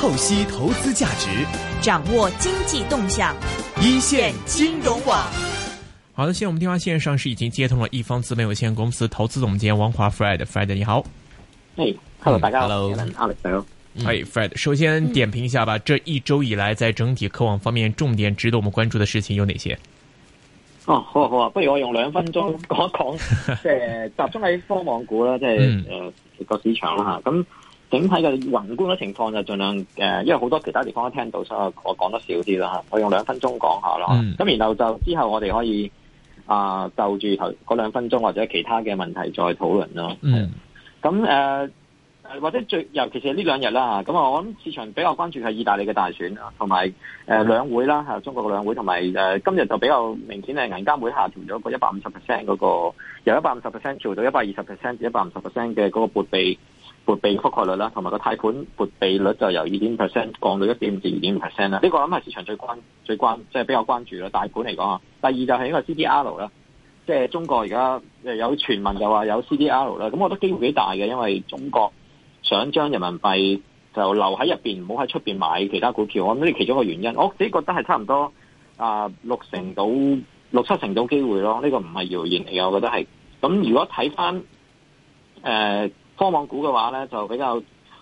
透析投資價值，掌握經濟動向，一線金融網。好的，現在我們電話線上是已經接通了一方資本有限公司投資總監王華 （Fred）。Fred，你好。Hello，大家。Hello，Hello。哎 hello.、hey,，Fred，首先點評一下吧。嗯、這一周以來，在整體科網方面，重點值得我們關注的事情有哪些？哦，好啊，好啊，不如我用兩分鐘講一講，即係、 呃、集中喺科網股啦，即係誒個市場啦吓，咁、嗯。整體嘅宏觀嘅情況就盡量誒，因為好多其他地方都聽到，所以我講得少啲啦嚇。我用兩分鐘講下咯，咁然後就之後我哋可以啊就住頭嗰兩分鐘或者其他嘅問題再討論咯。嗯，咁誒或者最尤其是呢兩日啦嚇，咁我諗市場比較關注係意大利嘅大選啦，同埋誒兩會啦係，中國嘅兩會同埋誒今日就比較明顯係銀監會下調咗個一百五十 percent 嗰個由一百五十 percent 調到一百二十 percent 至一百五十 percent 嘅嗰個撥備。撥備覆蓋率啦，同埋個貸款撥備率就由二點五 percent 降到一點五至二點五 percent 啦。呢、這個諗係市場最關、最關，即、就、係、是、比較關注咯。大盤嚟講啊，第二就係呢個 C D R 啦，即、就、係、是、中國而家有傳聞就話有 C D R 啦。咁我覺得機會幾大嘅，因為中國想將人民幣就留喺入邊，唔好喺出邊買其他股票，我諗呢其中個個原因。我自己覺得係差唔多啊六、呃、成到六七成到機會咯。呢、這個唔係謠言嚟嘅，我覺得係。咁如果睇翻誒。呃科網股嘅話咧，就比較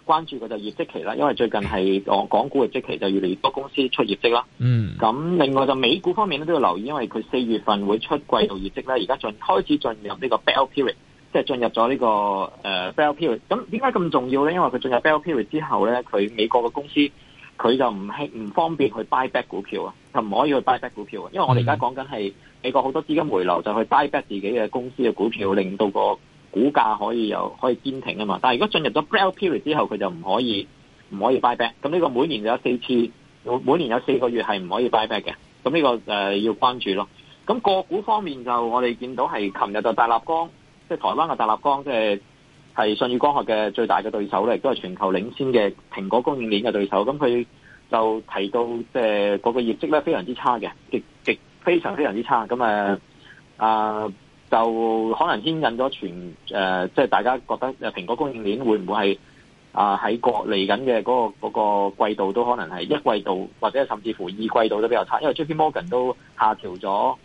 關注佢就業績期啦，因為最近係港股嘅即期就越嚟越多公司出業績啦。嗯。咁另外就美股方面咧都要留意，因為佢四月份會出季度業績咧，而家進開始進入呢個 bell period，即係進入咗呢、呢個、uh, bell period。咁點解咁重要咧？因為佢進入 bell period 之後咧，佢美國嘅公司佢就唔唔方便去 buy back 股票啊，就唔可以去 buy back 股票啊，因為我哋而家講緊係美國好多資金回流就去 buy back 自己嘅公司嘅股票，令到個，股價可以有可以堅挺啊嘛，但係如果進入咗 Breath Period 之後，佢就唔可以唔可以 buy back。咁呢個每年有四次，每年有四個月係唔可以 buy back 嘅。咁呢、這個誒、呃、要關注咯。咁、那個股方面就我哋見到係琴日就大立光，即係台灣嘅大立光，就是，即係係舜宇光學嘅最大嘅對手咧，亦都係全球領先嘅蘋果供應鏈嘅對手。咁佢就提到即係嗰個業績咧非常之差嘅，極極非常非常之差。咁誒啊！呃呃就可能牽引咗全誒，即、呃、係、就是、大家覺得誒蘋果供應鏈會唔會係啊喺國嚟緊嘅嗰個嗰個季度都可能係一季度或者甚至乎二季度都比較差，因為 J.P.Morgan 都下調咗、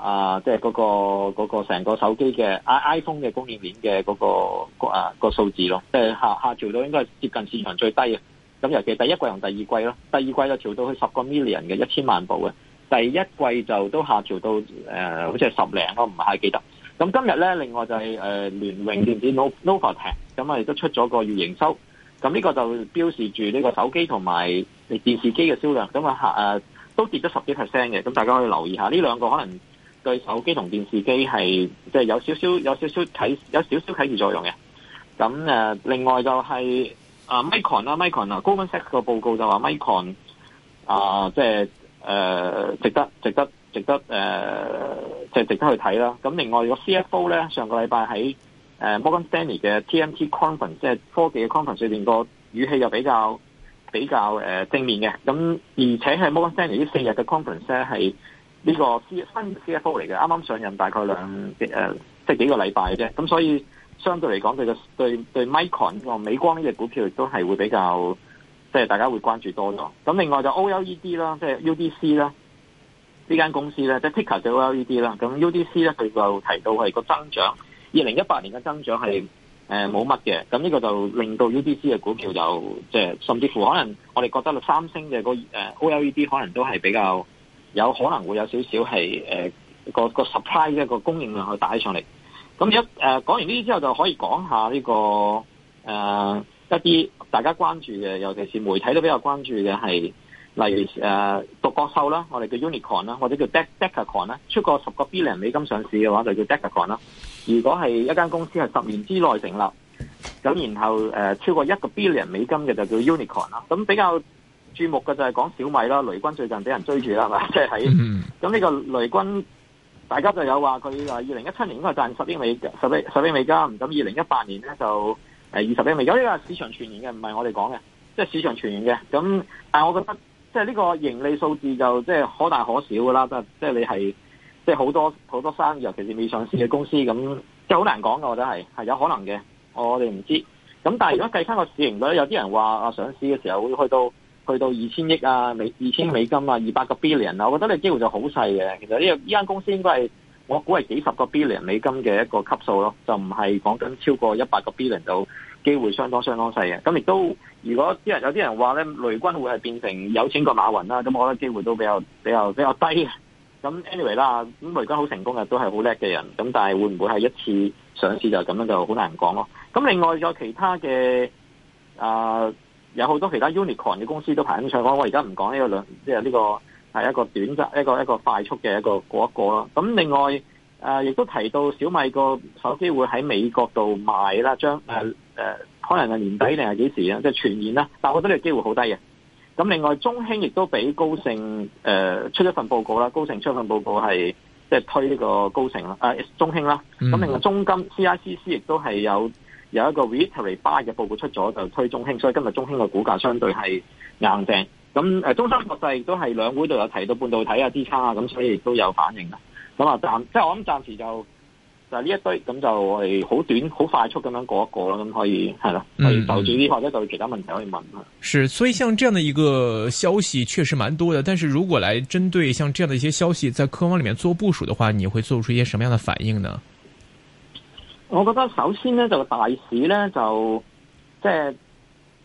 呃就是那個那個那個、啊，即係嗰個嗰個成個手機嘅 iPhone 嘅供應鏈嘅嗰個個啊個數字咯，即係下下調到應該係接近市場最低嘅，咁尤其第一季同第二季咯，第二季就調到去十個 million 嘅一千萬部嘅。第一季就都下調到誒、呃，好似係十零我唔係太記得。咁今日咧，另外就係、是、誒、呃、聯榮電子 Novatech，no 咁啊亦都出咗個月營收。咁呢個就標示住呢個手機同埋電視機嘅銷量，咁啊都跌咗十幾 percent 嘅。咁大家可以留意下呢兩個可能對手機同電視機係即係有少少有少少啟有少少啟示作用嘅。咁、啊、另外就係 Micron 啦 Micron 啊，Goldman Sachs 個報告就話 Micron 啊，即、就、係、是。誒、呃、值得，值得，值得誒，即、呃係、值得去睇啦。咁另外個 CFO 咧，上個禮拜喺 Morgan Stanley 嘅 TMT conference，即係科技嘅 conference 裏邊個語氣又比較比較、呃、正面嘅。咁而且係 Morgan Stanley 呢四日嘅 conference 咧，係呢個 C, 新 CFO 嚟嘅，啱啱上任大概兩即係、呃、幾個禮拜啫。咁所以相對嚟講，對個對對 micron 個美光呢隻股票亦都係會比較。即係大家會關注多咗，咁另外就 OLED 啦，即、就、係、是、UDC 啦，呢間公司咧，即係 Ticker 就是、OLED 啦。咁 UDC 咧，佢就提到係個增長，二零一八年嘅增長係冇乜嘅，咁、呃、呢個就令到 UDC 嘅股票就即係、就是、甚至乎可能我哋覺得啦，三星嘅個 OLED 可能都係比較有可能會有少少係個 supply 一個 supp 供應量去打起上嚟。咁一誒、呃、講完呢啲之後，就可以講下呢、呢個誒、呃、一啲。大家關注嘅，尤其是媒體都比較關注嘅係，例如誒獨角獸啦，我哋叫 unicorn 啦，或者叫 decacorn 啦，出過十個 billion 美金上市嘅話就叫 decacorn 啦。如果係一間公司係十年之內成立，咁然後誒、呃、超過一個 billion 美金嘅就叫 unicorn 啦。咁比較注目嘅就係講小米啦，雷軍最近俾人追住啦，係、就、嘛、是？即係喺咁呢個雷軍，大家就有話佢話二零一七年應該賺十億美十億十億美金，咁二零一八年咧就，係二十億美，有呢個市場傳言嘅，唔係我哋講嘅，即係市場傳言嘅。咁但係我覺得，即係呢個盈利數字就即係可大可小噶啦。即係即係你係，即係好多好多生意，尤其是未上市嘅公司咁，即係好難講嘅。我覺得係係有可能嘅，我哋唔知道。咁但係如果計翻個市盈率，有啲人話啊上市嘅時候會去到去到二千億啊美二千美金啊二百個 billion 啊，啊 billion, 我覺得你機會就好細嘅。其實呢個呢間公司應該係。我估係幾十個 billion 美金嘅一個級數咯，就唔係講緊超過一百個 billion 到，機會相當相當細嘅。咁亦都，如果啲人有啲人話咧，雷軍會係變成有錢過馬雲啦，咁我覺得機會都比較比較比較低嘅。咁 anyway 啦，咁雷軍好成功嘅，都係好叻嘅人。咁但係會唔會係一次上市就咁樣就好難講咯。咁另外仲有其他嘅啊、呃，有好多其他 unicorn 嘅公司都排緊上，我而家唔講呢個兩，即係呢個。呢個係一個短集，一個一個快速嘅一個嗰一個咯。咁另外誒，亦、呃、都提到小米個手機會喺美國度賣啦，將誒、呃、可能係年底定係幾時啊？即係全年啦。但我覺得呢個機會好低嘅。咁另外，中興亦都俾高盛誒、呃、出一份報告啦。高盛出一份報告係即係推呢個高盛啊、呃，中興啦。咁另外，中金 CICC 亦都係有有一個 Victory Bar 嘅報告出咗，就推中興。所以今日中興嘅股價相對係硬淨。咁中芯國際亦都係兩會度有提到半導體啊、支撐啊，咁所以亦都有反應啦。咁啊即係我諗暫時就就呢、是、一堆咁就係好短、好快速咁樣過一過啦。咁可以係啦，可以投住啲或者就其他問題可以問啊。是，所以像這樣嘅一個消息，確實蠻多嘅。但是如果嚟針對像這樣嘅一些消息，在科網裏面做部署嘅話，你會做出一些什麼樣的反應呢？我覺得首先呢，就大市咧，就即係。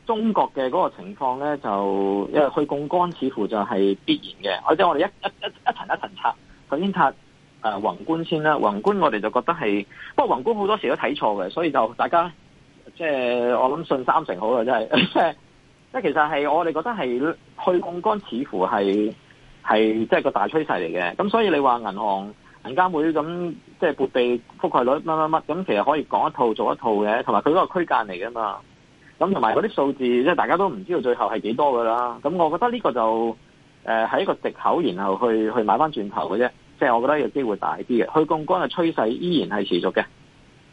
中國嘅嗰個情況咧，就因為去槓桿似乎就係必然嘅，或者我哋一一一一層一層拆，首先拆誒、呃、宏觀先啦。宏觀我哋就覺得係，不過宏觀好多時都睇錯嘅，所以就大家即係我諗信三成好啦，真係即係即係其實係我哋覺得係去槓桿似乎係係即係個大趨勢嚟嘅。咁所以你話銀行銀監會咁即係撥備覆蓋率乜乜乜，咁其實可以講一套做一套嘅，同埋佢嗰個區間嚟噶嘛。咁同埋嗰啲數字，即係大家都唔知道最後係幾多㗎喇。咁我覺得呢個就誒、是、係、呃、一個藉口，然後去去買返轉頭嘅啫。即、就、係、是、我覺得呢個機會大啲嘅。去槓桿嘅趨勢依然係持續嘅。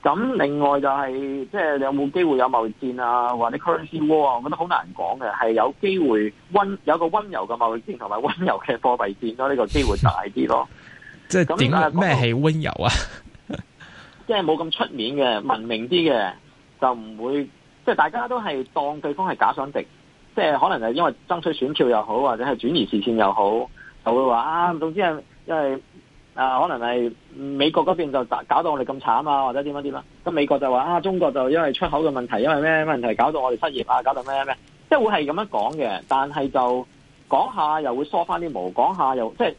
咁另外就係即係你有冇機會有貿易戰啊，或者 currency war 啊，我覺得好難講嘅。係有機會溫有個溫柔嘅貿易戰同埋溫柔嘅貨幣戰咯、啊，呢、這個機會大啲咯。即係點啊？咩係溫柔啊？即係冇咁出面嘅文明啲嘅，就唔會。即係大家都係當對方係假想敵，即係可能係因為爭取選票又好，或者係轉移視線又好，就會話啊，總之係因為啊，可能係美國嗰邊就搞到我哋咁慘啊，或者點樣點啦。咁美國就話啊，中國就因為出口嘅問題，因為咩問題搞到我哋失業啊，搞到咩咩、啊，即係會係咁樣講嘅。但係就講下又會梳翻啲毛，講下又即係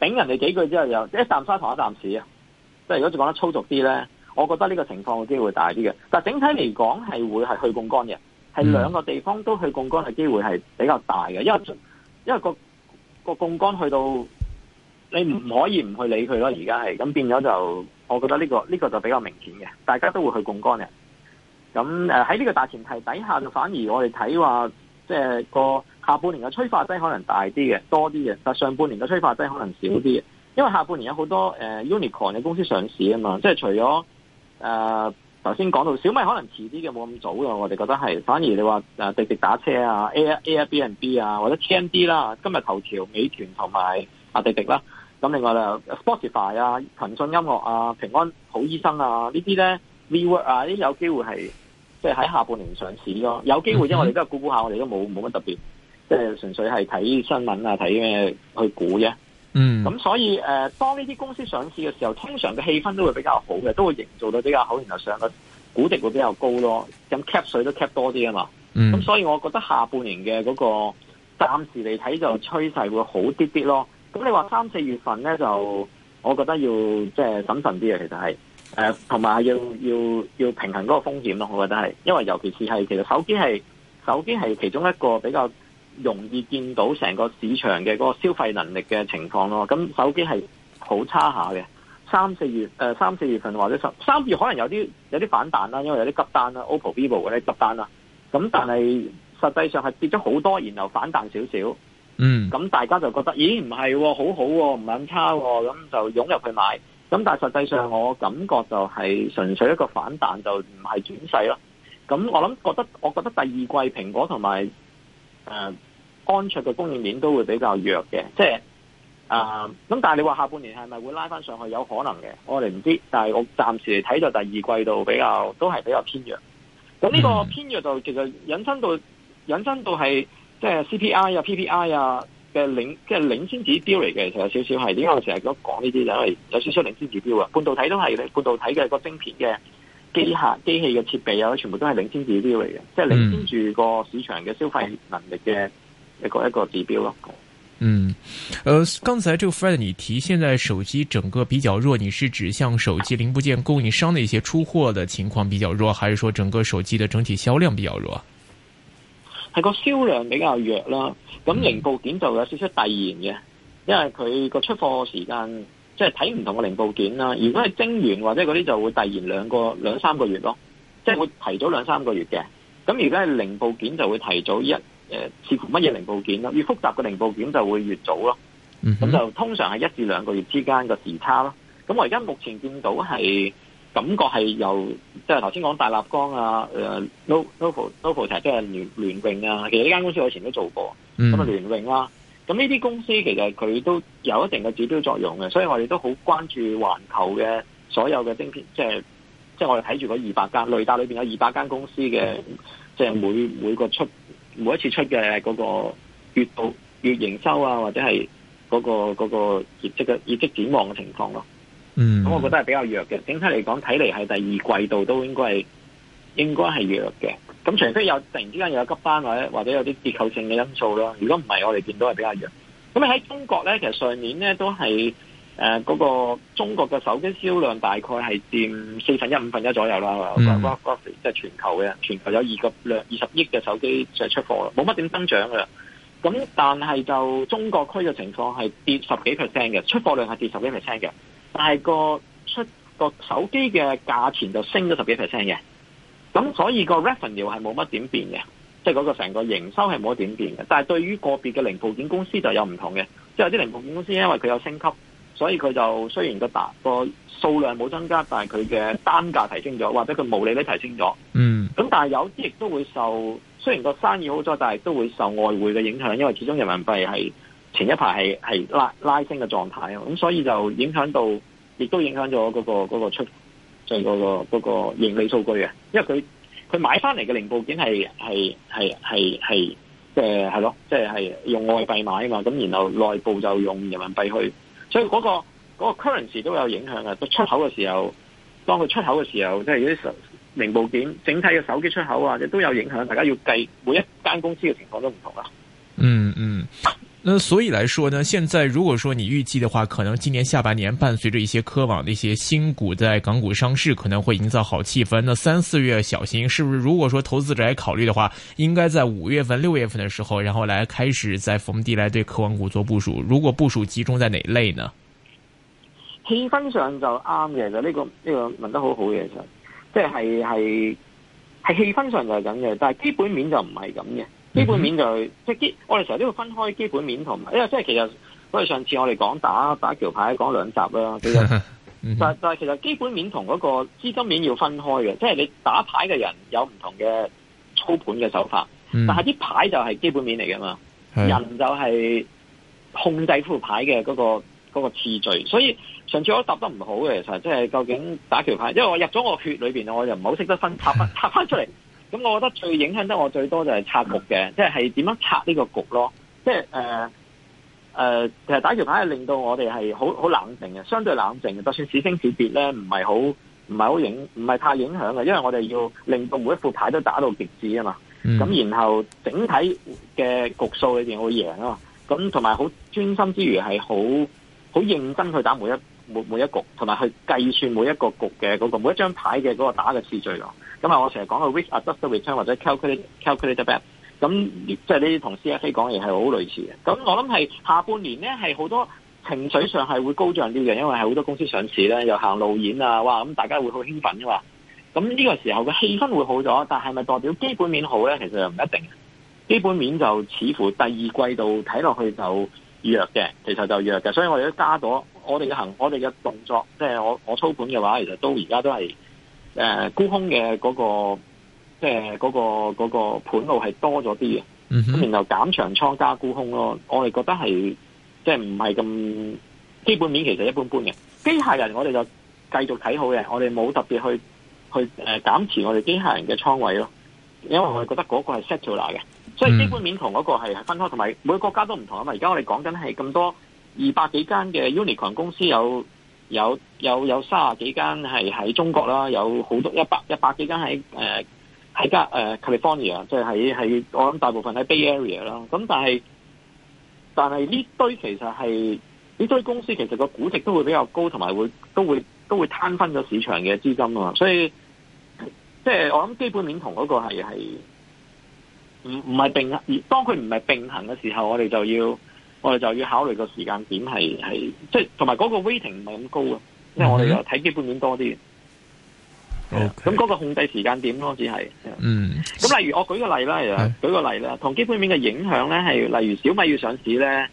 頂人哋幾句之後又即一啖沙糖一啖屎啊！即係如果就講得粗俗啲咧。我覺得呢個情況嘅機會大啲嘅，但係整體嚟講係會係去槓桿嘅，係兩個地方都去槓桿嘅機會係比較大嘅，因為因為個個槓桿去到你唔可以唔去理佢咯，而家係咁變咗就，我覺得呢個呢個就比較明顯嘅，大家都會去槓桿嘅。咁誒喺呢個大前提底下，就反而我哋睇話，即係個下半年嘅催化劑可能大啲嘅，多啲嘅，但係上半年嘅催化劑可能少啲嘅，因為下半年有好多誒 Unicorn 嘅公司上市啊嘛，即係除咗。誒，頭先講到小米可能遲啲嘅冇咁早咯，我哋覺得係，反而你話誒滴滴打車啊、Airbnb 啊，或者 TMD 啦，今日頭條、美團同埋阿滴滴啦，咁另外就 Spotify 啊、騰訊音樂啊、平安好醫生啊呢啲咧 WeWork 啊，呢啲有機會係即係喺下半年上市咯，有機會啫，我哋都係估估下，我哋都冇冇乜特別，即係純粹係睇新聞啊，睇咩去估啫。嗯，咁所以誒、呃，當呢啲公司上市嘅時候，通常嘅氣氛都會比較好嘅，都會營造到比較好，然後上嘅估值會比較高咯，咁 cap 水都 cap 多啲啊嘛。咁、嗯、所以我覺得下半年嘅嗰個暫時嚟睇就趨勢會好啲啲咯。咁你話三四月份咧，就我覺得要即係審慎啲啊，其實係誒，同埋要要要平衡嗰個風險咯，我覺得係，因為尤其是係其實手機係手機係其中一個比較。容易見到成個市場嘅嗰個消費能力嘅情況咯，咁手機係好差下嘅。三四月誒，三、呃、四月份或者十三月可能有啲有啲反彈啦，因為有啲急單啦，OPPO、VIVO 嗰啲急單啦。咁但係實際上係跌咗好多，然後反彈少少。嗯，咁大家就覺得咦唔係、喎、好好唔、喎、咁差、喎，咁就湧入去買。咁但係實際上我感覺就係純粹一個反彈，就唔係轉勢咯。咁我諗覺得，我覺得第二季蘋果同埋、呃安卓嘅供應鏈都會比較弱嘅，即係啊咁。呃、那但係你話下半年係咪會拉翻上去？有可能嘅，我哋唔知。但係我暫時嚟睇就第二季度比較都係比較偏弱。咁呢個偏弱度，其實引申到引申到係即係 C P I 啊、P P I 啊嘅領即係領先指標嚟嘅，其實有少少係。點解我成日都講呢啲？就因為有少少領先指標啊。半導體都係，半導體嘅個晶片嘅機械機器嘅設備啊，全部都係領先指標嚟嘅，即係領先住個市場嘅消費能力嘅。嗯一個一個指標咯。嗯，誒、呃，剛才這個 Fred 你提，現在手機整個比較弱，你是指向手機零部件供應商的一些出貨的情況比較弱，還是說整個手機的整體銷量比較弱？係個銷量比較弱啦，咁零部件就有少少遞延嘅，嗯、因為佢個出貨時間，即係睇唔同嘅零部件啦。如果係晶圓或者嗰啲就會遞延兩個兩三個月咯，即、就、係、是、會提早兩三個月嘅。咁如果係零部件就會提早一。誒、呃，似乎乜嘢零部件咯，越複雜嘅零部件就會越早咯。咁、嗯、哼就通常係一至兩個月之間嘅時差咯。咁我而家目前見到係感覺係由即係頭先講大立光啊，誒、呃、Novo Novo 即係即係聯聯榮啊。其實呢間公司我以前都做過，咁、嗯、啊聯榮啦。咁呢啲公司其實佢都有一定嘅指標作用嘅，所以我哋都好關注環球嘅所有嘅晶片，即係即係我哋睇住嗰二百間，雷達裏面有二百間公司嘅，即、就、係、是、每、嗯、每個出。每一次出嘅嗰個月度月營收啊，或者係嗰個嗰個業績嘅業績展望嘅情況咯。嗯，咁我覺得係比較弱嘅。整體嚟講，睇嚟係第二季度都應該係應該係弱嘅。咁除非有突然之間有急班或者或者有啲結構性嘅因素咯。如果唔係，我哋見到係比較弱。咁喺中國咧，其實上年咧都係。誒嗰、呃嗰個中國嘅手機銷量大概係佔四分一五分一左右啦。即係、嗯、全球嘅，全球有二個二十億嘅手機就出貨，冇乜點增長嘅。咁但係就中國區嘅情況係跌十幾 percent 嘅，出貨量係跌十幾 percent 嘅，但係個出個手機嘅價錢就升咗十幾 percent 嘅。咁所以個 revenue 係冇乜點變嘅，即係嗰個成個營收係冇乜點變嘅。但係對於個別嘅零部件公司就有唔同嘅，即係有啲零部件公司因為佢有升級。所以佢就雖然個達、嗰個數量冇增加，但係佢嘅單價提升咗，或者佢毛利率提升咗。嗯，咁但係有啲亦都會受，雖然個生意好咗，但係都會受外匯嘅影響，因為始終人民幣係前一排係係拉拉升嘅狀態啊。咁所以就影響到，亦都影響咗嗰、嗰個嗰個出即係嗰個盈利數據啊。因為佢佢買翻嚟嘅零部件係係係係係即係係咯，即係係用外幣買啊嘛。咁然後內部就用人民幣去。所以嗰個嗰個 currency 都有影響啊！出出口嘅時候，當佢出口嘅時候，即係啲零部件、整體嘅手機出口啊，亦都有影響。大家要計每一間公司嘅情況都唔同啦。嗯。嗯嗯。那所以來說呢，現在如果說你預計的話，可能今年下半年伴隨着一些科網的一些新股在港股上市，可能會營造好氣氛。那三四月小心，是不是？如果說投資者來考慮的話，應該在五月份、六月份的時候，然後來開始在逢低來對科網股做部署。如果部署集中在哪一類呢？氣氛上就啱嘅，就、呢個、呢個呢、呢個問得好好嘅，其實即係係係氣氛上就係咁嘅，但係基本面就唔係咁嘅。基本面就即係啲，我哋成日都要分開基本面同，因為即係其實，好似上次我哋講打打橋牌，講兩集啦。其實， 但但係其實基本面同嗰個資金面要分開嘅，即係你打牌嘅人有唔同嘅操盤嘅手法，mm hmm。但係啲牌就係基本面嚟噶嘛，mm hmm。人就係控制副牌嘅嗰個嗰個次序。所以上次我答得唔好嘅其實，即係究竟打橋牌，因為我入咗我血裏邊我就唔好識得分，答翻答翻出嚟。 咁我覺得最影響得我最多就係拆局嘅，即係點樣拆呢個局咯。即係誒誒，其實打條牌係令到我哋係好好冷靜嘅，相對冷靜嘅。就算此星此別咧，唔係好唔係好影，唔係太影響嘅。因為我哋要令到每一副牌都打到極致啊嘛。咁、嗯、然後整體嘅局數裏面會贏啊嘛。咁同埋好專心之餘係好好認真去打每一每每一局，同埋去計算每一個局嘅嗰、嗰個每一張牌嘅嗰個打嘅次序咯。咁啊、嗯，我成日講嘅 risk-adjusted return 或者 calculate calculate the back，咁即係呢啲同 CFA 講嘢係好類似嘅。咁我諗係下半年咧係好多情緒上係會高漲啲嘅，因為係好多公司上市咧又行路演啊，哇！咁大家會好興奮㗎嘛。咁呢個時候嘅氣氛會好咗，但係咪代表基本面好咧？其實唔一定。基本面就似乎第二季度睇落去就弱嘅，其實就弱嘅。所以我哋都加咗我哋嘅行，我哋嘅動作，即係我我操盤嘅話，其實都而家都係。誒、呃，沽空嘅嗰、嗰個即係、呃嗰個、嗰個盤路係多咗啲嘅，咁、mm hmm. 然後減長倉加沽空咯，我哋覺得係即係唔係咁基本面其實一般般嘅。機械人我哋就繼續睇好嘅，我哋冇特別去去誒減、呃、持我哋機械人嘅倉位咯，因為我哋覺得嗰個係 settle 嘅，hmm. 所以基本面同嗰個係分開，同埋每個國家都唔同啊嘛。而家我哋講緊係咁多二百幾間嘅 unicorn 公司有有有有卅幾間係喺中國啦，有好多一百一百幾間喺誒喺家誒 California，即係喺喺我諗大部分喺 Bay Area 啦。咁但係但係呢堆其實係呢堆公司其實個估值都會比較高，同埋會都會都會攤分咗市場嘅資金啊嘛。所以即係、就是、我諗基本面同嗰個係係唔唔係並當佢唔係並行嘅時候，我哋就要。我哋就要考慮個時間點係係，即係同埋嗰個 waiting 唔係咁高啊，因為、嗯、我哋又睇基本面多啲。咁嗰個控制時間點咯，只係，嗯。咁例如我舉個例啦，而家、嗯、舉個例啦，同基本面嘅影響咧係，例如小米要上市咧，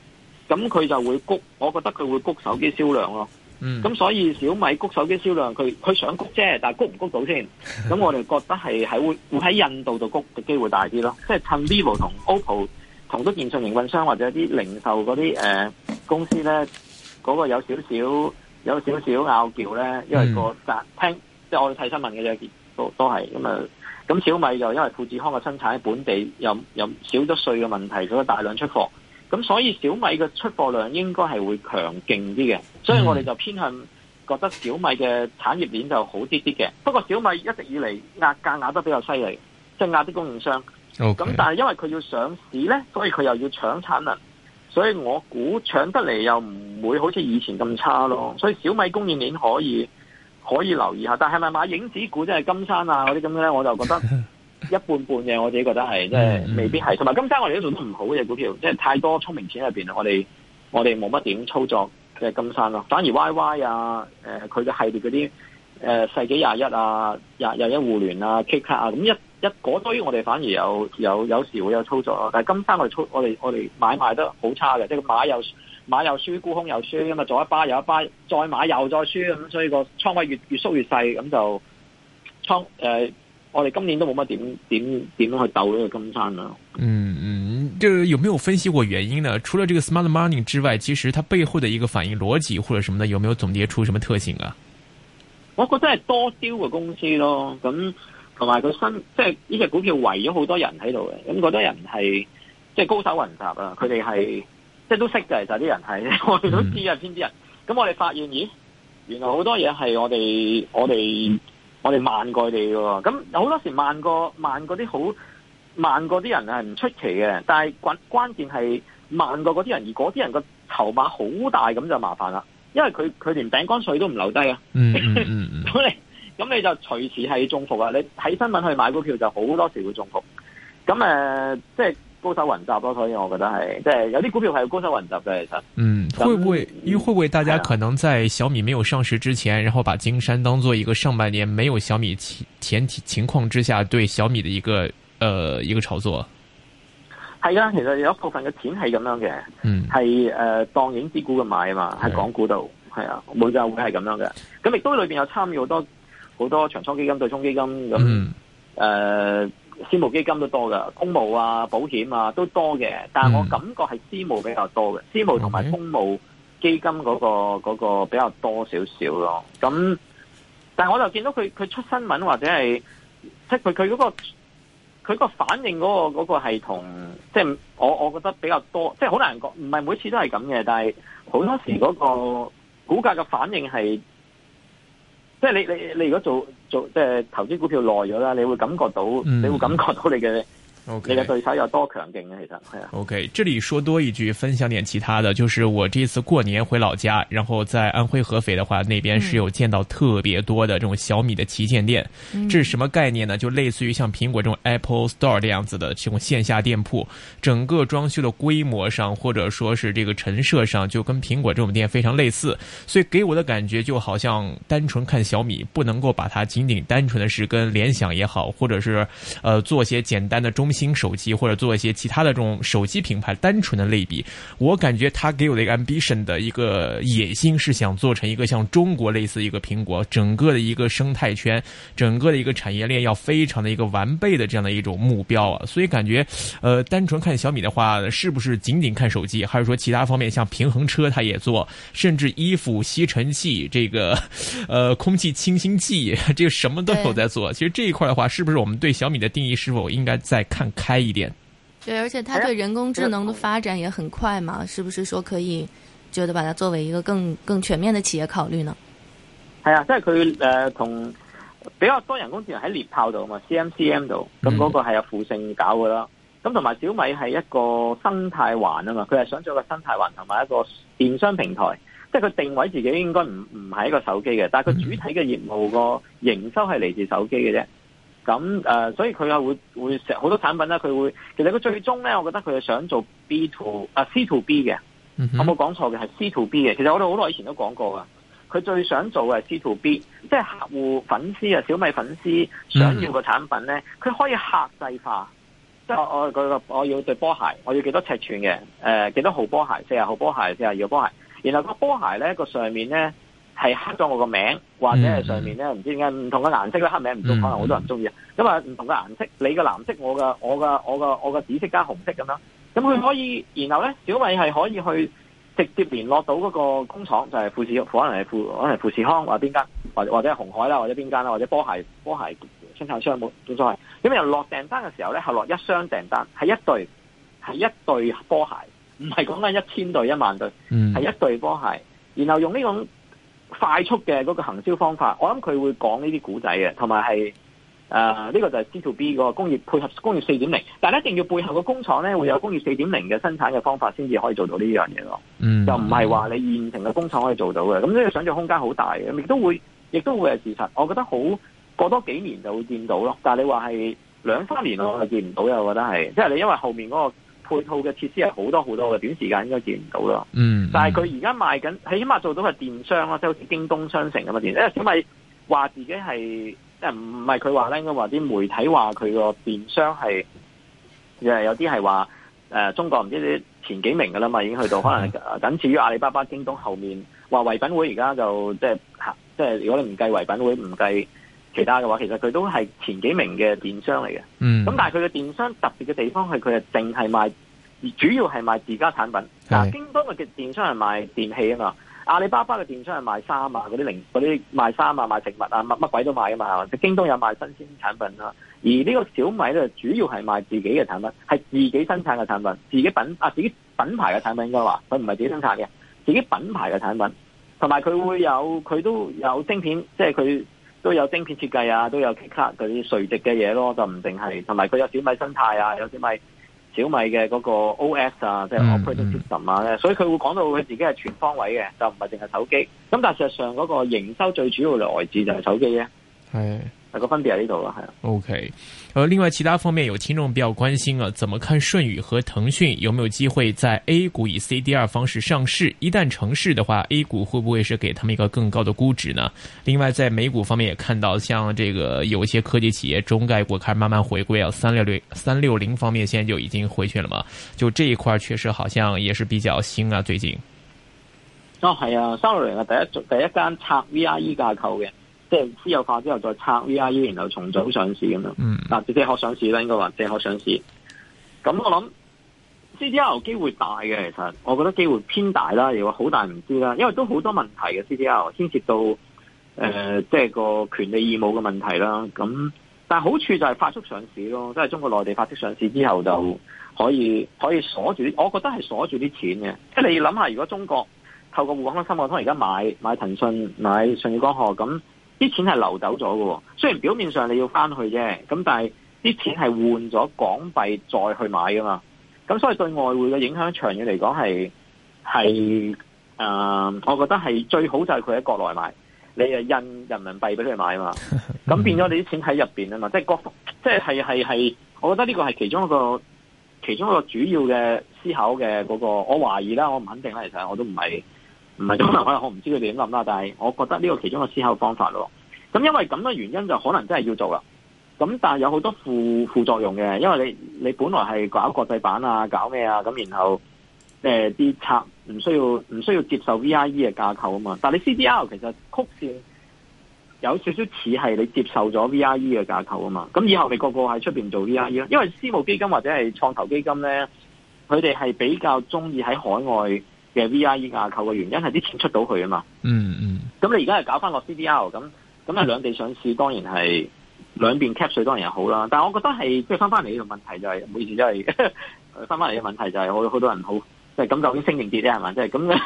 咁佢就會谷，我覺得佢會谷手機銷量咯。咁所以小米谷手機銷量，佢佢、嗯、想谷啫，但係谷唔谷到先。咁、嗯、我哋覺得係喺會會喺印度度谷嘅機會大啲咯，即、就、係、是、趁 vivo 同 oppo。同啲電信營運商或者啲零售嗰啲誒公司咧，嗰、那個有少少有少少拗撬咧，因為、那個集、嗯、聽即係我哋睇新聞嘅嘢都都係咁啊！咁小米就因為富士康嘅生產喺本地又，又又少咗稅嘅問題，所以大量出貨，咁所以小米嘅出貨量應該係會強勁啲嘅。所以我哋就偏向覺得小米嘅產業鏈就好啲啲嘅。不過小米一直以嚟壓價壓得比較犀利，即係壓啲供應商。咁 Okay. 但係因為佢要上市咧，所以佢又要搶產能，所以我估搶得嚟又唔會好似以前咁差咯，所以小米供應鏈可以可以留意下，但係咪買影子股即係金山啊嗰啲咁咧，我就覺得一半半嘅，我自己覺得係 即係未必係，同埋金山我哋都做得唔好嘅股票，即係太多聰明錢入邊我哋我哋冇乜點操作即係金山咯、啊，反而 YY 啊，誒佢嘅系列嗰啲誒世紀廿一啊，廿廿一互聯啊，K 卡啊，咁一。一嗰堆我哋反而有有有時會有操作咯，但係金山我哋出我哋我哋買賣得好差嘅，即係買又輸買又輸，沽空又輸，咁啊左一巴右一巴，再買又再輸咁，所以個倉位越越縮越細，咁就倉誒、呃，我哋今年都冇乜點點點去鬥呢個金山啦。嗯嗯，就、這個、有沒有分析過原因呢？除咗呢個 smart money 之外，其實它背後嘅一個反應邏輯或者什麼呢？有冇有總結出什麼特性啊？我覺得係多丟嘅公司咯，咁、嗯。同埋佢身，即係呢隻股票圍咗好多人喺度嘅，咁嗰啲人係即係高手雲集啊。佢哋係即係都識嘅，就係啲人係我哋都知啊，邊啲人？咁我哋發現，咦，原來好多嘢係我哋我哋我哋慢過哋喎。咁好多時慢過慢過啲好慢過啲人係唔出奇嘅，但係關關鍵係慢過嗰啲人，而嗰啲人個籌碼好大，咁就麻煩啦，因為佢佢連餅乾碎都唔留低啊，嗯嗯嗯 咁你就隨時係中伏啊！你睇新聞去買股票就好多時會中伏。咁、呃、即係高手雲集咯，所以我覺得係，即係有啲股票係高手雲集嘅。其實嗯，樣會唔會，因為會會唔會大家可能在小，的在小米沒有上市之前，然後把金山當做一個上半年沒有小米前提情況之下對小米嘅一個，呃，一個炒作。係噶，其實有一部分嘅錢係咁樣嘅，嗯，係誒、呃、當影子股嘅買啊嘛，喺港股度，係啊的，冇錯，會係咁樣嘅。咁亦都裏邊有參與好多。好多長倉基金、對沖基金咁，誒、mm. 呃，私募基金都多噶，公募啊、保險啊都多嘅。但係我感覺係私募比較多嘅，mm. 私募同埋公募基金嗰個嗰個比較多少少咯。咁 Okay.，但係我就見到佢佢出新聞或者係，即係佢佢個佢個反應嗰個嗰個係同，即係我我覺得比較多，即係好難講，唔係每次都係咁嘅，但係好多時嗰個股價嘅反應係。即係你你你如果做做即係、呃、投資股票耐咗啦，你會感覺到，嗯、你會感覺到你嘅。Okay, OK，這裏說多一句，分享點其他的。就是我這次過年回老家，然後在安徽合肥的話，那邊是有見到特別多的這種小米的旗艦店。嗯，這是什麼概念呢？就類似於像蘋果這種 Apple Store 這樣子的這種線下店鋪，整個裝修的規模上或者說是這個陳設上，就跟蘋果這種店非常類似。所以給我的感覺，就好像單純看小米，不能夠把它僅僅單純的是跟聯想也好，或者是，呃，做些簡單的中。新手機或者做一些其他的這種手機品牌，單純的類比，我感覺他給我的一個 ambition 的一個野心是想做成一個像中國類似一個蘋果，整個的一個生態圈，整個的一個產業鏈要非常的一個完備的這樣的一種目標啊。所以感覺，呃，單純看小米的話，是不是僅僅看手機，還是說其他方面像平衡車他也做，甚至衣服、吸塵器、這個，呃，空氣清新劑，這個什麼都有在做。其實這一塊的話，是不是我們對小米的定義，是否應該再看看？開一點，對，而且他對人工智能的發展也很快嘛，是不是說可以覺得把它作為一個更更全面的企業考慮呢？係啊，即係佢誒，同、呃、比較多人工智能喺獵豹度啊嘛，CMCM 度，咁嗰、那個係有傅盛搞噶啦，咁同埋小米係一個生態環啊嘛，佢係想做個生態環同埋一個電商平台，即係佢定位自己應該唔唔係一個手機嘅，但係佢主體嘅業務個營收係嚟自手機嘅啫。咁誒、呃，所以佢又會會成好多產品咧，佢會其實佢最終咧，我覺得佢係想做 B to 啊 C to B 嘅，mm hmm. 我冇講錯嘅係 C to B 嘅？其實我哋好耐以前都講過噶，佢最想做嘅係 C to B，即係客戶粉絲啊，小米粉絲想要個產品咧，佢可以客製化，mm hmm. 即係我我我我要對波鞋，我要幾多尺寸嘅，誒、呃、幾多號波鞋，四號波鞋，四號要波鞋，然後個波鞋咧個上面咧。係黑咗我個名，或者係上面咧，唔知點解唔同嘅顏色咧，黑名唔中，嗯、可能好多人中意啊。咁啊、嗯，唔同嘅顏色，你個藍色，我嘅我嘅我嘅我嘅紫色加紅色咁啦。咁佢可以，然後咧，小米係可以去直接聯絡到嗰個工廠，就係、是、富士，可能係富可能係富士康，或邊間，或或者係鴻海啦，或者邊間啦，或者波鞋波鞋生產商冇冇所謂。咁人落訂單嘅時候咧，係落一箱訂單，係一對，係一對波鞋，唔係講緊一千對、一萬對，係、嗯、一對波鞋，然後用呢種。快速嘅嗰個行銷方法，我諗佢會講呢啲古仔嘅，同埋係誒呢個就係 C to B 嗰個工業配合工業四點零，但係一定要背後個工廠咧、嗯、會有工業四點零嘅生產嘅方法先至可以做到呢樣嘢咯。嗯，又唔係話你現成嘅工廠可以做到嘅，咁呢個想像空間好大嘅，亦都會亦都會係事實。我覺得好過多幾年就會見到咯，但係你話係兩三年我係見唔到，又覺得係，即係你因為後面嗰、嗰個。配套嘅設施係好多好多嘅，短時間應該見唔到啦、嗯。嗯，但係佢而家賣緊，起碼做到個電商咯，即係好似京東商城咁嘅電，因為小米話自己係，誒唔係佢話咧，應該話啲媒體話佢個電商係誒，有啲係話誒，中國唔知你前幾名噶啦嘛，已經去到可能、呃、僅次於阿里巴巴、京東後面。話唯品會而家就即係即係，如果你唔計唯品會，唔計。其他嘅話，其實佢都係前幾名嘅電商嚟嘅。嗯，咁但係佢嘅電商特別嘅地方係佢係淨係賣，主要係賣自家產品。係的、啊、京東嘅電商係賣電器啊嘛，阿里巴巴嘅電商係賣衫啊，嗰啲零嗰啲賣衫啊、賣食物啊、乜乜鬼都賣啊嘛。佢京東有賣新鮮產品啦、啊，而呢個小米咧，主要係賣自己嘅產品，係自己生產嘅產品，自己品啊，自己品牌嘅產品應該話，佢唔係自己生產嘅，自己品牌嘅產品，同埋佢會有佢都有晶片，即係佢。都有晶片設計啊，都有其他嗰啲垂直嘅嘢咯，就唔定係同埋佢有小米生態啊，有小米小米嘅嗰個 OS 啊，即、就、係、是、operating system 咧、啊，嗯嗯、所以佢會講到佢自己係全方位嘅，就唔係淨係手機。咁但係事實上嗰個營收最主要的來自就係手機啫、啊。係。個分別喺呢度啦，係。O K，呃，okay. 另外其他方面有聽眾比較關心啊，怎麼看順宇和騰訊有沒有機會在 A 股以 C D R 方式上市？一旦成市的話，A 股會不會是給他們一個更高的估值呢？另外，在美股方面也看到，像這個有一些科技企業中概股開始慢慢回歸啊，三六六、三六零方面現在就已經回去了嘛？就這一塊確實好像也是比較新啊，最近。哦，係啊，三六零啊，第一第一間拆 V R E 架構嘅。即係私有化之後再拆 VIE 然後重組上市咁樣。嗯。嗱、啊，直接可上市啦，應該話直接可上市。咁我諗 CDR 機會大嘅，其實我覺得機會偏大啦，如果好大唔知啦，因為都好多問題嘅 CDR 牽涉到誒、呃，即係個權利義務嘅問題啦。咁但係好處就係快速上市咯，即、就、係、是、中國內地快速上市之後就可以可以鎖住，我覺得係鎖住啲錢嘅。即、就、係、是、你諗下，如果中國透過滬港深港通而家買買騰訊、買舜宇光學咁。啲錢係流走咗嘅。雖然表面上你要翻去啫，咁但係啲錢係換咗港幣再去買㗎嘛，咁所以對外匯嘅影響長遠嚟講係係誒，我覺得係最好就係佢喺國內買，你誒印人民幣俾佢買啊嘛，咁變咗你啲錢喺入面啊嘛，即係國即係係係我覺得呢個係其中一個其中一個主要嘅思考嘅嗰個，我懷疑啦，我唔肯定啦，其實我都唔係。唔係可能可能我唔知佢哋點諗啦。但係，我覺得呢個其中嘅思考方法咯。咁因為咁嘅原因，就可能真係要做啦。咁但係有好多副，副作用嘅，因為你你本來係搞國際版啊，搞咩啊，咁然後誒啲策唔需要唔需要接受 VIE 嘅架構啊嘛。但係你 CDR 其實曲線有少少似係你接受咗 VIE 嘅架構啊嘛。咁以後咪個個喺出面做 VIE 咯。因為私募基金或者係創投基金咧，佢哋係比較中意喺海外。嘅 VIE 架構嘅原因係啲錢出到去啊嘛，嗯嗯，咁、嗯、你而家係搞翻個 CDL，咁咁係兩地上市，當然係兩邊 cap 稅當然又好啦。但係我覺得係即係翻翻嚟呢個問題就係、是，唔好意思，即係翻翻嚟嘅問題就係、是、好，好多人好即係咁就已經升完跌啫係咪？即係咁咧，咁、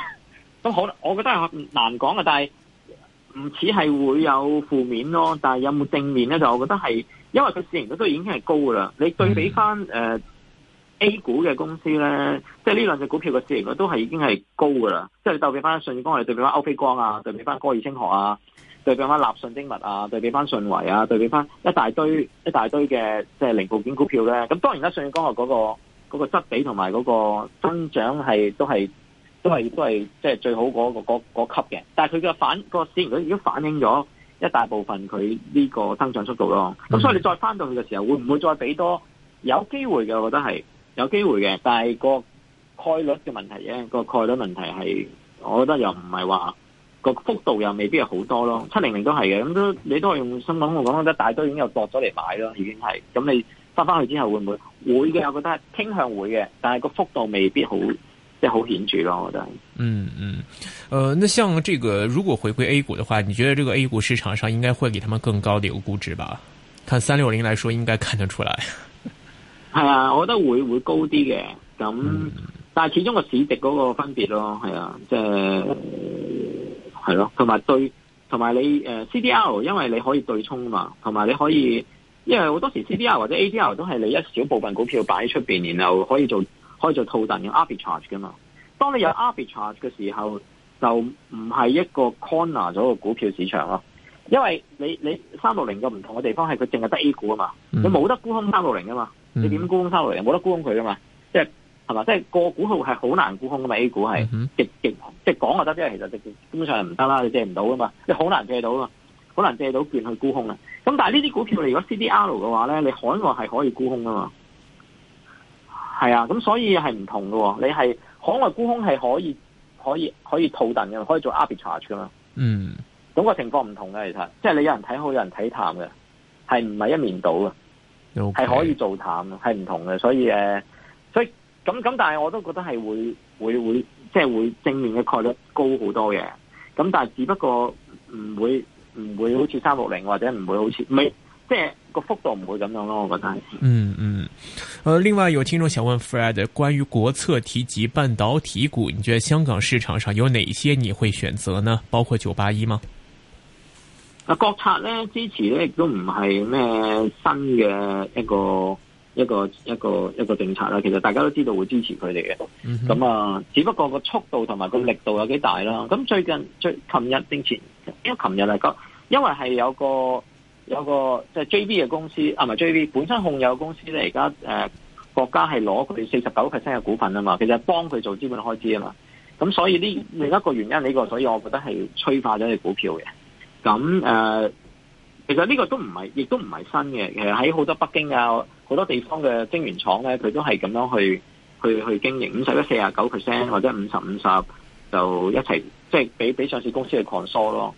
就、好、是， 我覺得係難講啊。但係唔似係會有負面咯，但係有冇正面咧？就我覺得係，因為佢市盈率都已經係高噶啦。你對比翻誒。嗯呃 A 股嘅公司咧，即係呢兩隻股票嘅市盈率都係已經係高噶啦。即係對比翻信義光學，我哋對比翻歐菲光啊，對比翻歌爾清河啊，對比翻立訊精密啊，對比翻信維啊，對比翻一大堆、一大堆嘅即係零部件股票咧。咁當然啦，信義光學嗰、嗰個嗰、嗰個嗰個質比同埋嗰個增長係都係都係都係即係最好嗰、嗰個嗰嗰、嗰個、級嘅。但係佢嘅反、嗰個市盈率已經反映咗一大部分佢呢個增長速度咯。咁所以你再翻到去嘅時候，會唔會再俾多？有機會嘅，我覺得係。有機會嘅，但係個概率嘅問題咧，個概率問題係，我覺得又唔係話個幅度又未必係好多咯。七零零都係嘅，咁都你都係用新聞我講得，大都已經有落咗嚟買咯，已經係咁你翻翻去之後會唔會會嘅？我覺得係傾向會嘅，但係個幅度未必好即係好顯著咯。我覺得嗯嗯，誒、嗯呃，那像這個如果回歸 A 股的話，你覺得這個 A 股市場上應該會給他們更高的一個估值吧？看三六零來說，應該看得出來。係啊，我覺得會會高啲嘅，咁但係始終個市值嗰個分別咯，係啊，即係係咯，同埋、啊、對，同埋你誒、呃、CDR，因為你可以對沖啊嘛，同埋你可以，因為好多時 CDR 或者 ADR 都係你一小部分股票擺喺出邊，然後可以做可以做套戥嘅 arbitrage 噶嘛。當你有 arbitrage 嘅時候，就唔係一個 corner 咗個股票市場囉。因為你你三六零嘅唔同嘅地方係佢淨係得 A 股啊嘛，你冇、嗯、得沽空三六零啊嘛。你點沽空三六零嘅？冇得沽空佢噶嘛？即係係嘛？即係個股號係好難沽空噶嘛？A 股係極極即係講就得，因為其實直基本上係唔得啦，你借唔到噶嘛？你好難借到啊，好難借到券去沽空啊。咁但係呢啲股票，你如果 CDR 嘅話咧，你海外係可以沽空噶嘛？係啊，咁所以係唔同噶。你係海外沽空係可以可以可以套戥嘅，可以做 arbitrage 噶嘛？嗯、mm，咁、hmm。個情況唔同噶，其實即係你有人睇好，有人睇淡嘅，係唔係一面倒噶？係 Okay. 可以做淡嘅，係唔同嘅，所以誒，所以咁咁，但係我都覺得係會會會，即係會，、就是、會正面嘅概率高好多嘅。咁但係只不過唔會唔會好似三六零，或者唔會好似唔係，即係個幅度唔會咁樣咯。我覺得係嗯嗯，誒、嗯，另外有聽眾想問 Fred，關於國策提及半導體股，你覺得香港市場上有哪些你會選擇呢？包括九八一嗎？啊，國策咧支持咧，亦都唔係咩新嘅一個一個一個一個，一個政策啦。其實大家都知道會支持佢哋嘅，咁啊、mm hmm.，只不過個速度同埋個力度有幾大啦。咁最近最琴日定前，因為琴日為是、就是、啊，個因為係有個有個即係 JB 嘅公司啊，唔係 JB 本身控有嘅公司咧，而家誒國家係攞佢四十九 percent 嘅股份啊嘛，其實幫佢做資本開支啊嘛。咁所以呢另一個原因呢、這個，所以我覺得係催化咗你股票嘅。咁誒、呃，其實呢個都唔係，亦都唔係新嘅。其實喺好多北京啊，好多地方嘅晶圓廠咧，佢都係咁樣去去去經營。五十一四十九 percent 或者五十五十就一齊，即係俾俾上市公司去 consolidate 咯，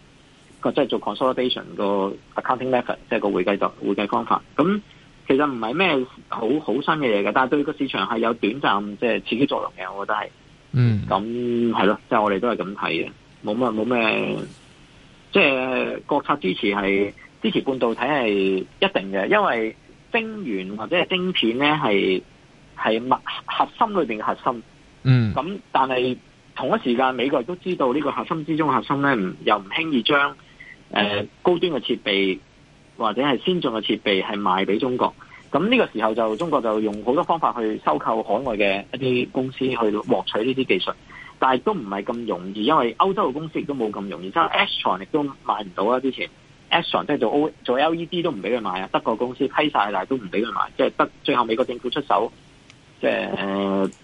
即係做 consolidation 個 accounting method，即係個會計會計方法。咁其實唔係咩好好新嘅嘢嘅，但係對個市場係有短暫即係、就是、刺激作用嘅，我覺得係。嗯，咁係咯，即係我哋都係咁睇嘅，冇乜冇咩。即係國策支持係支持半導體係一定嘅，因為晶圓或者係晶片咧係係核心裏面嘅核心。嗯。咁但係同一時間，美國亦都知道呢個核心之中嘅核心咧，唔又唔輕易將誒高端嘅設備或者係先進嘅設備係賣俾中國。咁呢個時候就中國就用好多方法去收購海外嘅一啲公司去獲取呢啲技術。但係都唔係咁容易，因為歐洲嘅公司亦都冇咁容易，即係 Astron 亦都買唔到啦。之前 Astron 即係做 O 做 LED 都唔俾佢買啊，德國公司批晒，但係都唔俾佢買，即係得最後美國政府出手，即係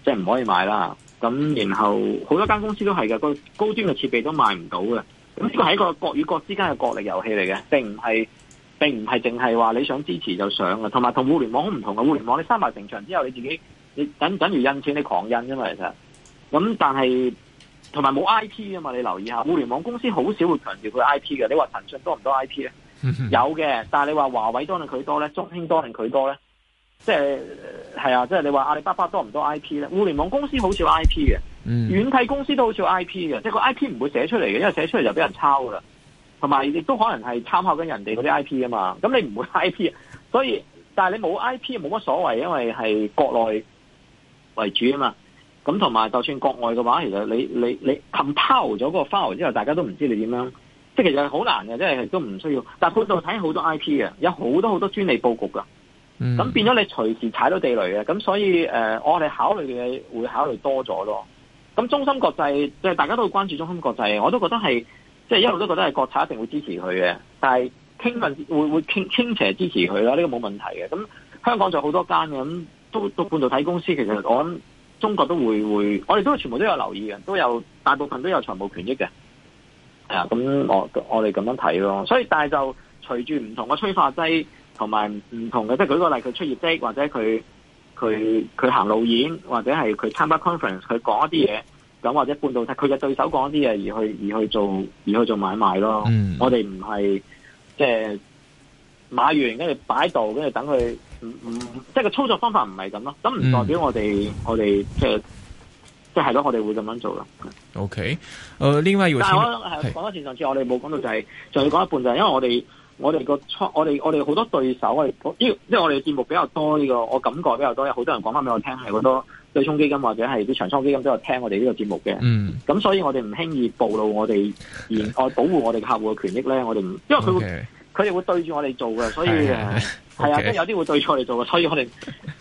即係唔可以買啦。咁然後好多間公司都係嘅高高端嘅設備都買唔到嘅。咁呢個係一個國與國之間嘅國力遊戲嚟嘅，並唔係並唔係淨係話你想支持就上嘅，同埋同互聯網好唔同嘅。互聯網你閂埋城牆之後，你自己你等等如印錢，你狂印啫嘛，其實。咁、嗯、但係同埋冇 I P 啊嘛，你留意下，互聯網公司好少會強調佢 I P 嘅。你話騰訊多唔多 I P 咧？有嘅，但係你話華為當然多定佢多咧？中興多定佢多咧？即係係啊，即係你話阿里巴巴多唔多 I P 咧？互聯網公司好少 I P 嘅，軟體公司都好少 I P 嘅，即係個 I P 唔會寫出嚟嘅，因為寫出嚟就俾人抄噶啦。同埋亦都可能係參考緊人哋嗰啲 I P 啊嘛。咁你唔會 I P 啊，所以但係你冇 I P 冇乜所謂，因為係國內為主啊嘛。咁同埋，就算國外嘅話，其實你你你 compile 咗個 file 之後，大家都唔知你點樣，即係其實係好難嘅，即係都唔需要。但係半導體好多 IP 嘅，有好多好多專利佈局噶，咁變咗你隨時踩到地雷嘅。咁所以誒、呃，我哋考慮嘅嘢會考慮多咗咯。咁中芯國際，即大家都會關注中芯國際，我都覺得係即係一路都覺得係國產一定會支持佢嘅，但係傾問會會傾傾斜支持佢啦，呢、這個冇問題嘅。咁香港就好多間嘅，咁都到半導體公司，其實我中國都會會，我哋都全部都有留意嘅，都有大部分都有財務權益嘅，係啊，咁我我哋咁樣睇咯。所以但係就隨住唔同嘅催化劑同埋唔同嘅，即係舉個例，佢出業績或者佢佢佢行路演，或者係佢參加 conference 佢講一啲嘢，咁或者半導體佢嘅對手講一啲嘢，而去而去做而去做買賣咯。嗯、我哋唔係即係買完跟住擺度，跟住等佢。嗯嗯，即係個操作方法唔係咁咯，咁唔代表我哋、嗯、我哋即係即係咯，就是就是、我哋會咁樣做咯。O K，誒，另外要，但係我講是多次，上次我哋冇講到就係、是，仲要講一半就係，因為我哋我哋個倉，我哋我哋好多對手，我哋即係我哋嘅節目比較多呢、這個，我感覺比較多，有好多人講翻俾我聽，係好多對沖基金或者係啲長倉基金都有聽我哋呢個節目嘅。嗯，咁所以我哋唔輕易暴露我哋，而愛保護我哋客戶嘅權益咧，我哋唔，因為佢會佢哋 Okay. 會對住我哋做嘅，所以。 係 Okay, 啊，即係有啲會對錯嚟做嘅，所以我哋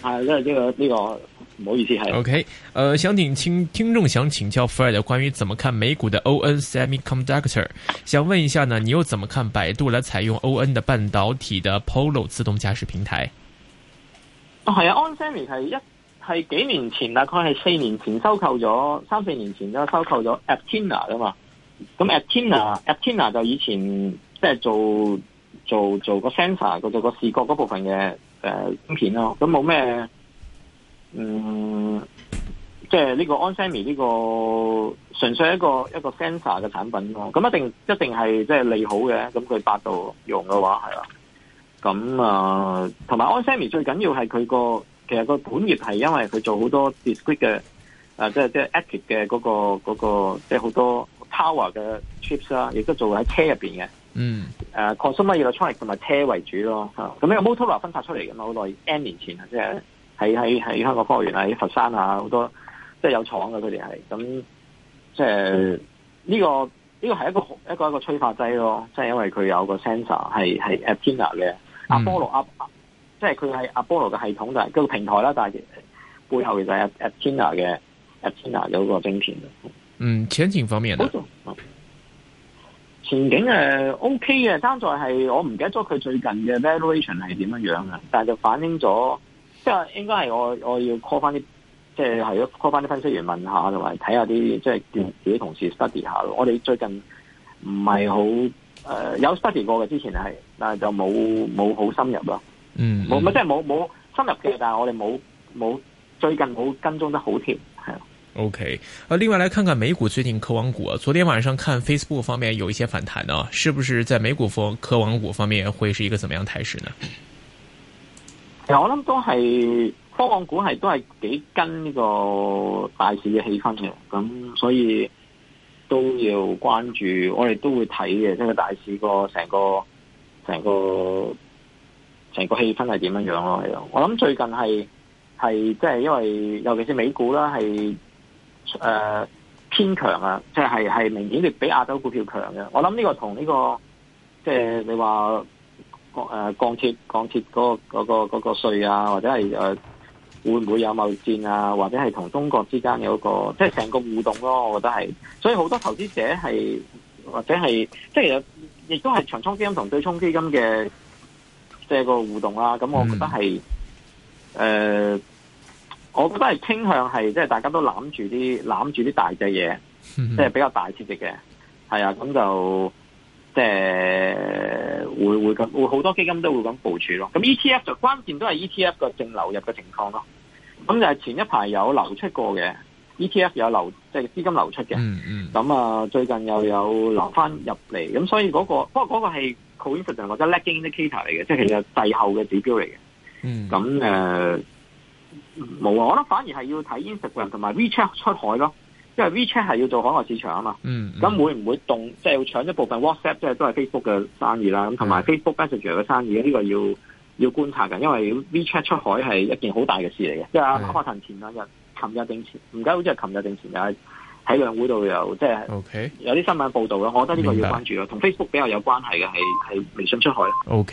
係因為呢個呢、這個唔好意思係。O K，誒，想請聽聽眾想請教 Fred 關於怎麼看美股的 ON Semiconductor，想問一下呢，你又怎麼看百度來採用 ON 的半導體的 Polo 自動駕駛平台？哦，係啊，ON Semi 係一係幾年前，大概係四年前收購咗，三四年前就收購咗 Aptina 啊嘛。咁 Aptina Aptina 就以前即係做。做做個 sensor，佢做個視覺嗰部分嘅誒芯片，咯，啊，咁冇咩嗯，即係呢個安森美，呢個純粹一個一個 sensor 嘅產品咯，啊，咁一定一定係即係利好嘅，咁佢百度用嘅話係啦，咁啊，同埋安森美最緊要係佢個其實個本業，係因為佢做好多 discrete 嘅，誒即係即係 active 嘅嗰個嗰個即係好多 power 嘅 chips 啦，亦都做喺車入邊嘅。嗯，誒 consumer electronics 同埋車為主囉。咁呢個 Motorola 分拆出嚟嘅好耐，N 年前啊，即係喺喺喺香港科學園啊，喺佛山啊，好多即係有廠㗎。佢哋係，咁即係呢個呢個係一個一個一個催化劑囉。即係因為佢有個 sensor 係係 a t i n a 嘅阿波羅阿，即係佢係阿波羅嘅系統就係嗰個平台啦，但係背後其實係 a t i n a 嘅 a t i n a 嗰個晶片。嗯，前景方面咧。前景誒 OK 嘅，e，但係係，我唔記得咗佢最近嘅 valuation 係點樣啊？但係就反映咗，即係應該係我我要 call 翻啲，即係係咯 call 翻啲分析員問下，同埋睇下啲即係叫自己同事 study 下咯。我哋最近唔係好誒，有 study 過嘅，之前係，但係就冇冇好深入咯。嗯，嗯，冇咪即係冇冇深入嘅，但係我哋冇冇最近冇跟蹤得好貼。O K，啊，okay. 另外來看看美股最近科網股、啊。昨天晚上看 Facebook 方面有一些反彈啊，是不是在美股科網股方面會是一個怎麼樣態勢呢？其實我諗都係科網股係都係幾跟呢個大市嘅氣氛嘅，咁所以都要關注，我哋都會睇嘅，呢個大市個成個成個成個氣氛係點樣樣咯。係啊。我諗最近係係即係因為尤其是美股啦，係。誒、呃，偏強啊，即係係明顯你比亞洲股票強嘅。我諗呢個同呢、這個，即、就、係、是、你話誒鋼鐵鋼鐵嗰個嗰、那個嗰、那個稅啊，或者係誒、呃、會唔會有貿易戰啊，或者係同中國之間有個即係成個互動咯、啊。我覺得係，所以好多投資者係或者係即係亦都係長倉基金同對沖基金嘅即係個互動啦、啊。咁我覺得係誒。嗯呃我覺得係傾向係，即係大家都攬住啲攬住啲大隻嘢，即係比較大市值嘅，係啊，咁就即係會會咁，會好多基金都會咁部署咯。咁 E T F 就關鍵都係 E T F 個淨流入嘅情況咯。咁就係前一排有流出過嘅 E T F 有流，即係資金流出嘅。嗯嗯。咁 啊，最近又有流翻入嚟，咁所以嗰個不過嗰個係 coincident 或者 lagging indicator 嚟嘅，即係其實滯後嘅指標嚟嘅。嗯。咁 誒？冇啊！我覺得反而係要睇 Instagram 同埋 WeChat 出海咯，因為 WeChat 係要做海外市場啊嘛嗯。嗯。咁會唔會動，即係要搶一部分 WhatsApp 即係都係 Facebook 嘅生意啦？咁同埋 Facebook Messenger 嘅生意呢個要要觀察嘅，因為 WeChat 出海係一件好大嘅事嚟嘅。嗯、即係馬化騰前兩日，琴日定前，唔記得好似係琴日定前日喺兩會度又即係有啲、即係、新聞報導啦。我覺得呢個要關注咯，同 Facebook 比較有關係嘅係係微信出海。OK。